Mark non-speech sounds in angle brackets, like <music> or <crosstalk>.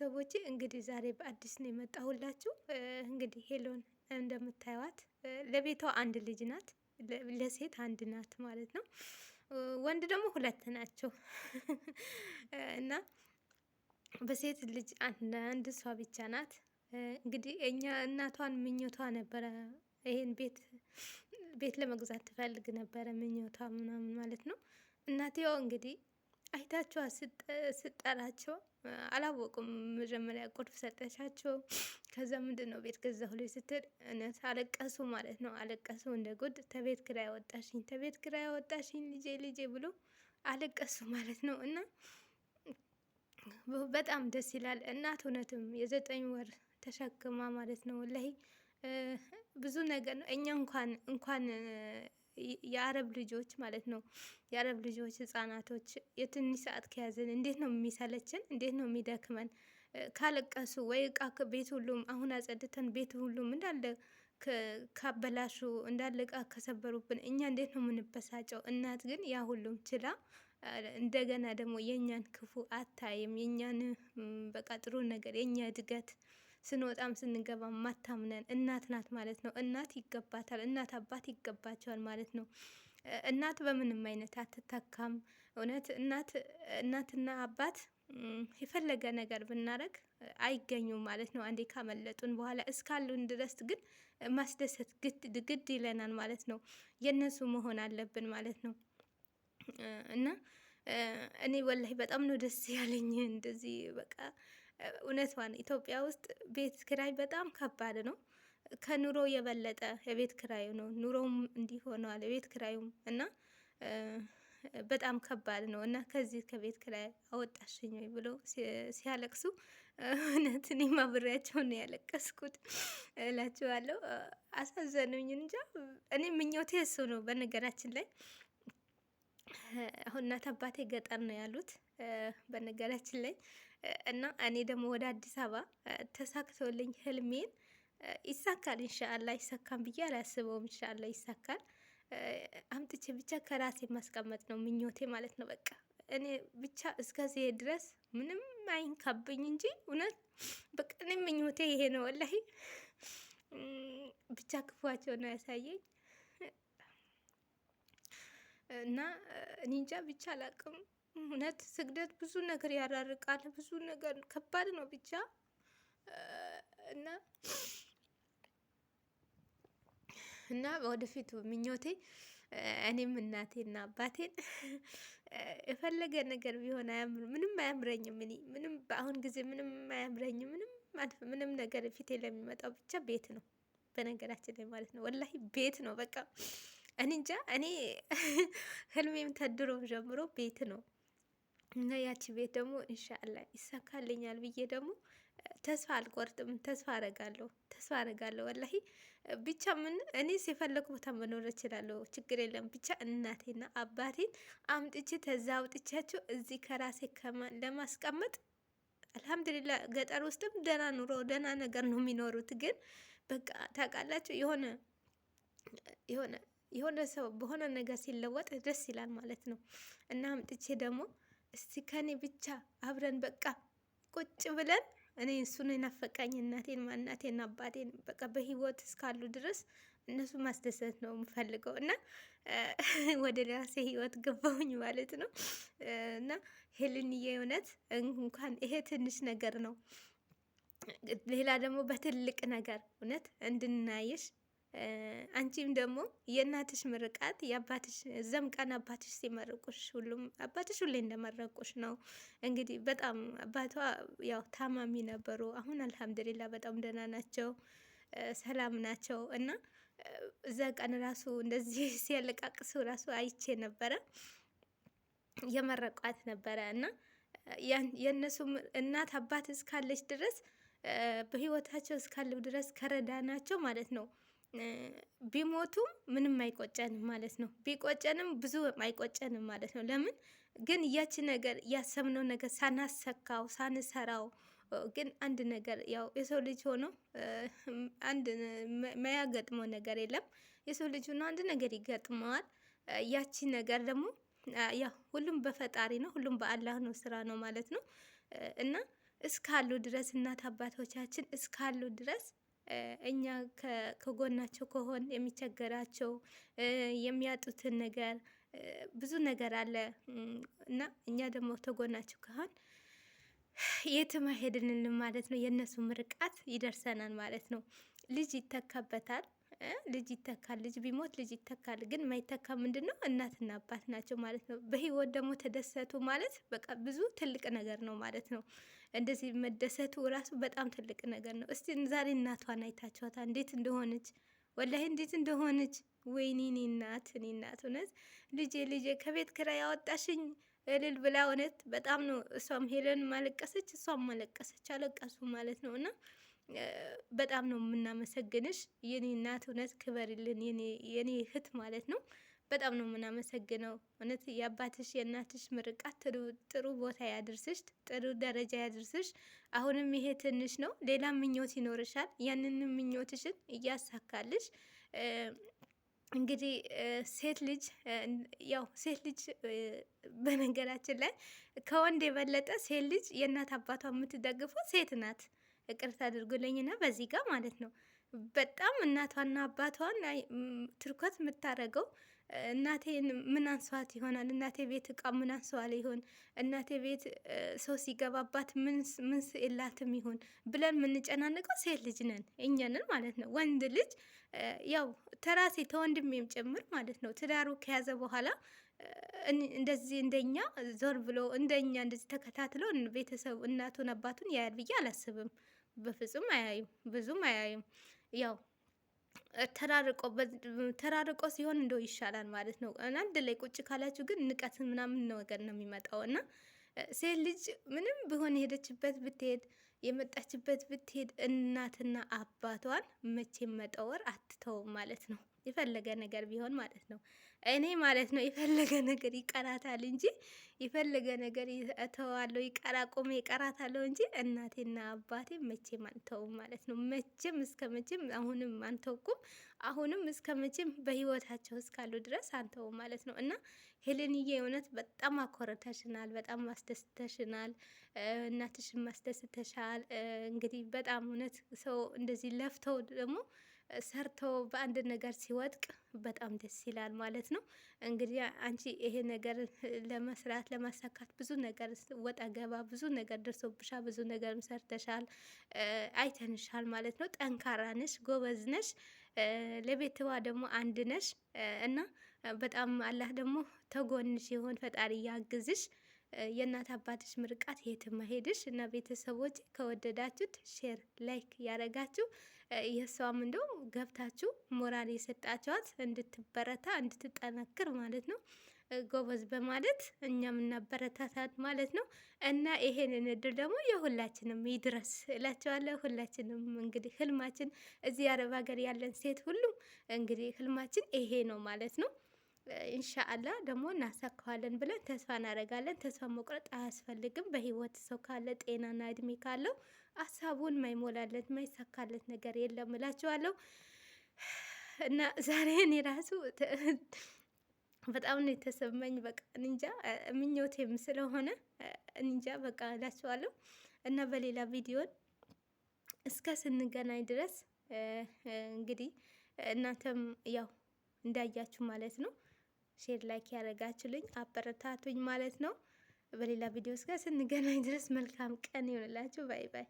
ቤተሰቦቼ እንግዲህ ዛሬ በአዲስ ነው የመጣሁላችሁ። እንግዲህ ሄሎን እንደምታዩት ለቤቷ አንድ ልጅ ናት፣ ለሴት አንድ ናት ማለት ነው። ወንድ ደግሞ ሁለት ናቸው እና በሴት ልጅ አንድ እሷ ብቻ ናት። እንግዲህ እኛ እናቷን ምኞቷ ነበረ ይሄን ቤት ቤት ለመግዛት ትፈልግ ነበረ ምኞቷ ምናምን ማለት ነው። እናቴው እንግዲህ አይታቸዋ ስጠራቸው አላወቁም። መጀመሪያ ቁልፍ ሰጠቻቸው። ከዛ ምንድን ነው ቤት ገዛሁ ላይ ስትል እውነት አለቀሱ ማለት ነው። አለቀሱ እንደ ጉድ። ተቤት ኪራይ አወጣሽኝ፣ ተቤት ኪራይ አወጣሽኝ፣ ልጄ ልጄ ብሎ አለቀሱ ማለት ነው። እና በጣም ደስ ይላል። እናት እውነትም የዘጠኝ ወር ተሸክማ ማለት ነው። ላይ ብዙ ነገር ነው። እኛ እንኳን እንኳን የአረብ ልጆች ማለት ነው። የአረብ ልጆች ህጻናቶች የትንሽ ሰዓት ከያዘን እንዴት ነው የሚሰለችን? እንዴት ነው የሚደክመን? ካለቀሱ ወይ እቃ ቤት ሁሉም አሁን አጸድተን ቤት ሁሉም እንዳለ ካበላሹ እንዳለ እቃ ከሰበሩብን እኛ እንዴት ነው የምንበሳጨው? እናት ግን ያ ሁሉም ችላ እንደገና ደግሞ የእኛን ክፉ አታይም። የእኛን በቃ ጥሩ ነገር የእኛ እድገት ስንወጣም ስንገባ ማታምነን እናት ናት ማለት ነው። እናት ይገባታል፣ እናት አባት ይገባቸዋል ማለት ነው። እናት በምንም አይነት አትተካም። እውነት እናት እናትና አባት የፈለገ ነገር ብናረግ አይገኙም ማለት ነው። አንዴ ካመለጡን በኋላ እስካሉን ድረስ ግን ማስደሰት ግድ ይለናል ማለት ነው። የእነሱ መሆን አለብን ማለት ነው። እና እኔ ወላሂ በጣም ነው ደስ ያለኝ እንደዚህ በቃ እውነቷን ኢትዮጵያ ውስጥ ቤት ክራይ በጣም ከባድ ነው። ከኑሮ የበለጠ የቤት ክራዩ ነው። ኑሮም እንዲህ ሆነዋል። የቤት ኪራዩም እና በጣም ከባድ ነው እና ከዚህ ከቤት ክራይ አወጣሽኝ ወይ ብሎ ሲያለቅሱ እውነት እኔ አብሬያቸው ያለቀስኩት እላችኋለሁ። አሳዘኑኝ። እንጃ እኔ ምኞቴ እሱ ነው። በነገራችን ላይ አሁን እናት አባቴ ገጠር ነው ያሉት በነገራችን ላይ እና እኔ ደግሞ ወደ አዲስ አበባ ተሳክቶልኝ ህልሜን ይሳካል። እንሻአላ ይሳካን ብዬ አላስበውም። እንሻአላ ይሳካል። አምጥቼ ብቻ ከራሴ ማስቀመጥ ነው ምኞቴ ማለት ነው። በቃ እኔ ብቻ እስከዚህ ድረስ ምንም አይንካብኝ እንጂ እውነት በቃ እኔ ምኞቴ ይሄ ነው። ወላሂ ብቻ ክፏቸው ነው ያሳየኝ እና እኔ እንጃ ብቻ አላቅም። እውነት ስግደት ብዙ ነገር ያራርቃል። ብዙ ነገር ከባድ ነው ብቻ እና እና ወደፊቱ ምኞቴ እኔም እናቴና አባቴን የፈለገ ነገር ቢሆን አያምር ምንም አያምረኝም። እኔ ምንም በአሁን ጊዜ ምንም አያምረኝም። ምንም ምንም ነገር ፊቴ ለሚመጣው ብቻ ቤት ነው፣ በነገራችን ላይ ማለት ነው። ወላሂ ቤት ነው በቃ እኔ እንጃ። እኔ <laughs> ህልሜም ተድሮም ጀምሮ ቤት ነው። እና ያቺ ቤት ደግሞ እንሻላ ይሳካልኛል ብዬ ደግሞ ተስፋ አልቆርጥም። ተስፋ አረጋለሁ፣ ተስፋ አረጋለሁ። ወላሂ ብቻ ምን እኔ ሲፈለግ ቦታ መኖር እችላለሁ፣ ችግር የለም። ብቻ እናቴና አባቴን አምጥቼ ተዛ አውጥቻቸው እዚህ ከራሴ ለማስቀመጥ አልሐምዱሊላ። ገጠር ውስጥም ደህና ኑሮ ደህና ነገር ነው የሚኖሩት። ግን በቃ ታውቃላችሁ የሆነ የሆነ የሆነ ሰው በሆነ ነገር ሲለወጥ ደስ ይላል ማለት ነው እና አምጥቼ ደግሞ እስቲ ከኔ ብቻ አብረን በቃ ቁጭ ብለን እኔ እሱን የናፈቃኝ እናቴን ማናቴን አባቴን በቃ በህይወት እስካሉ ድረስ እነሱ ማስደሰት ነው የምፈልገው እና <laughs> ወደ ራሴ ህይወት ገባሁኝ ማለት ነው። እና ሄልንዬ እውነት እንኳን ይሄ ትንሽ ነገር ነው፣ ሌላ ደግሞ በትልቅ ነገር እውነት እንድናየሽ አንቺም ደግሞ የእናትሽ ምርቃት የአባትሽ ዘምቀን አባትሽ ሲመርቁሽ ሁሉም አባትሽ ሁሌ እንደመረቁሽ ነው። እንግዲህ በጣም አባቷ ያው ታማሚ ነበሩ። አሁን አልሐምድሊላ በጣም ደህና ናቸው፣ ሰላም ናቸው። እና እዛ ቀን ራሱ እንደዚህ <laughs> ሲያለቃቅሱ ራሱ አይቼ ነበረ፣ የመረቋት ነበረ። እና የእነሱ እናት አባት እስካለች ድረስ በህይወታቸው እስካለው ድረስ ከረዳናቸው ማለት ነው ቢሞቱም ምንም አይቆጨንም ማለት ነው። ቢቆጨንም ብዙ አይቆጨንም ማለት ነው። ለምን ግን ያቺ ነገር ያሰብነው ነገር ሳናሰካው ሳንሰራው ግን አንድ ነገር ያው የሰው ልጅ ሆኖ አንድ ማያገጥመው ነገር የለም። የሰው ልጅ ሆኖ አንድ ነገር ይገጥመዋል። ያቺ ነገር ደግሞ ያው ሁሉም በፈጣሪ ነው፣ ሁሉም በአላህ ነው ስራ ነው ማለት ነው እና እስካሉ ድረስ እናት አባቶቻችን እስካሉ ድረስ እኛ ከጎናቸው ከሆን የሚቸገራቸው የሚያጡትን ነገር ብዙ ነገር አለ እና እኛ ደግሞ ተጎናቸው ከሆን የትም አይሄድልንም ማለት ነው። የእነሱ ምርቃት ይደርሰናል ማለት ነው። ልጅ ይተካበታል። ልጅ ይተካል። ልጅ ቢሞት ልጅ ይተካል። ግን ማይተካ ምንድን ነው? እናትና አባት ናቸው ማለት ነው። በህይወት ደግሞ ተደሰቱ ማለት በቃ ብዙ ትልቅ ነገር ነው ማለት ነው። እንደዚህ መደሰቱ ራሱ በጣም ትልቅ ነገር ነው። እስቲ ዛሬ እናቷን አይታችኋታ እንዴት እንደሆነች ወላሂ እንዴት እንደሆነች። ወይኔ እናት እኔ እናት እውነት ልጄ ልጄ ከቤት ኪራይ ያወጣሽኝ እልል ብላ እውነት በጣም ነው። እሷም ሄለን ማለቀሰች፣ እሷም ማለቀሰች፣ አለቀሱ ማለት ነው። እና በጣም ነው የምናመሰግንሽ የኔ እናት እውነት ክበርልን የኔ እህት ማለት ነው። በጣም ነው የምናመሰግነው። እውነት የአባትሽ የእናትሽ ምርቃት ጥሩ ቦታ ያድርስሽ፣ ጥሩ ደረጃ ያድርስሽ። አሁንም ይሄ ትንሽ ነው፣ ሌላ ምኞት ይኖርሻል። ያንን ምኞትሽን እያሳካልሽ እንግዲህ ሴት ልጅ ያው ሴት ልጅ በነገራችን ላይ ከወንድ የበለጠ ሴት ልጅ የእናት አባቷ የምትደግፈው ሴት ናት። እቅርት አድርጉልኝና በዚህ ጋር ማለት ነው በጣም እናቷና አባቷን ትርኮት የምታደርገው እናቴን ምን አንሷት ይሆናል? እናቴ ቤት እቃ ምን አንሷል ይሆን? እናቴ ቤት ሰው ሲገባባት ምን የላትም ይሆን ብለን የምንጨናንቀው ሴት ልጅ ነን፣ እኛንን ማለት ነው። ወንድ ልጅ ያው ተራሴ ተወንድሜም ጭምር ማለት ነው ትዳሩ ከያዘ በኋላ እንደዚህ እንደኛ ዞር ብሎ እንደኛ እንደዚህ ተከታትሎ ቤተሰብ እናቱን አባቱን ያያል ብዬ አላስብም። በፍጹም አያዩም፣ ብዙም አያዩም ያው ተራርቆ ሲሆን እንደው ይሻላል ማለት ነው። አንድ ላይ ቁጭ ካላችሁ ግን ንቀት ምናምን ነገር ነው የሚመጣው እና ሴት ልጅ ምንም ቢሆን የሄደችበት ብትሄድ የመጣችበት ብትሄድ እናትና አባቷን መቼም መጠወር አትተውም ማለት ነው። የፈለገ ነገር ቢሆን ማለት ነው። እኔ ማለት ነው የፈለገ ነገር ይቀራታል እንጂ የፈለገ ነገር እተዋለሁ ይቀራ ቆመ ይቀራታለሁ እንጂ እናቴና አባቴ መቼም አንተውም ማለት ነው። መቼም እስከ መቼም አሁንም አንተውኩም፣ አሁንም እስከ መቼም በህይወታቸው እስካሉ ድረስ አንተውም ማለት ነው እና ሄሌንዬ እውነት በጣም አኮረተሽናል፣ በጣም አስደስተሽናል፣ እናትሽም ማስደስተሻል። እንግዲህ በጣም እውነት ሰው እንደዚህ ለፍተው ደግሞ ሰርቶ በአንድ ነገር ሲወድቅ በጣም ደስ ይላል ማለት ነው። እንግዲህ አንቺ ይሄ ነገር ለመስራት ለማሳካት ብዙ ነገር ወጣ ገባ ብዙ ነገር ደርሶብሻል፣ ብዙ ነገርም ሰርተሻል፣ አይተንሻል ማለት ነው። ጠንካራ ነሽ፣ ጎበዝ ነሽ፣ ለቤትዋ ደግሞ አንድ ነሽ እና በጣም አላህ ደግሞ ተጎንሽ ይሆን ፈጣሪ ያግዝሽ። የእናት አባትሽ ምርቃት የትም መሄድሽ እና ቤተሰቦች ከወደዳችሁት ሼር ላይክ ያደረጋችሁ የእሷም እንደው ገብታችሁ ሞራል የሰጣችኋት እንድትበረታ እንድትጠነክር ማለት ነው ጎበዝ በማለት እኛም እናበረታታት ማለት ነው። እና ይሄንን እድል ደግሞ የሁላችንም ይድረስ እላቸዋለሁ። ሁላችንም እንግዲህ ህልማችን እዚህ አረብ ሀገር ያለን ሴት ሁሉም እንግዲህ ህልማችን ይሄ ነው ማለት ነው። ኢንሻአላህ ደግሞ እናሳካዋለን ብለን ተስፋ እናደርጋለን። ተስፋ መቁረጥ አያስፈልግም። በህይወት ሰው ካለ ጤናና እድሜ ካለው ሀሳቡን ማይሞላለት ማይሳካለት ነገር የለም እላችኋለሁ። እና ዛሬ እኔ ራሱ በጣም ነው የተሰማኝ። በቃ እንጃ ምኞቴም ስለሆነ እንጃ በቃ እላችኋለሁ። እና በሌላ ቪዲዮን እስከ ስንገናኝ ድረስ እንግዲህ እናንተም ያው እንዳያችሁ ማለት ነው። ሼር፣ ላይክ ያደረጋችሁልኝ አበረታቱኝ ማለት ነው። በሌላ ቪዲዮ እስከ ስንገናኝ ድረስ መልካም ቀን ይሆንላችሁ። ባይ ባይ።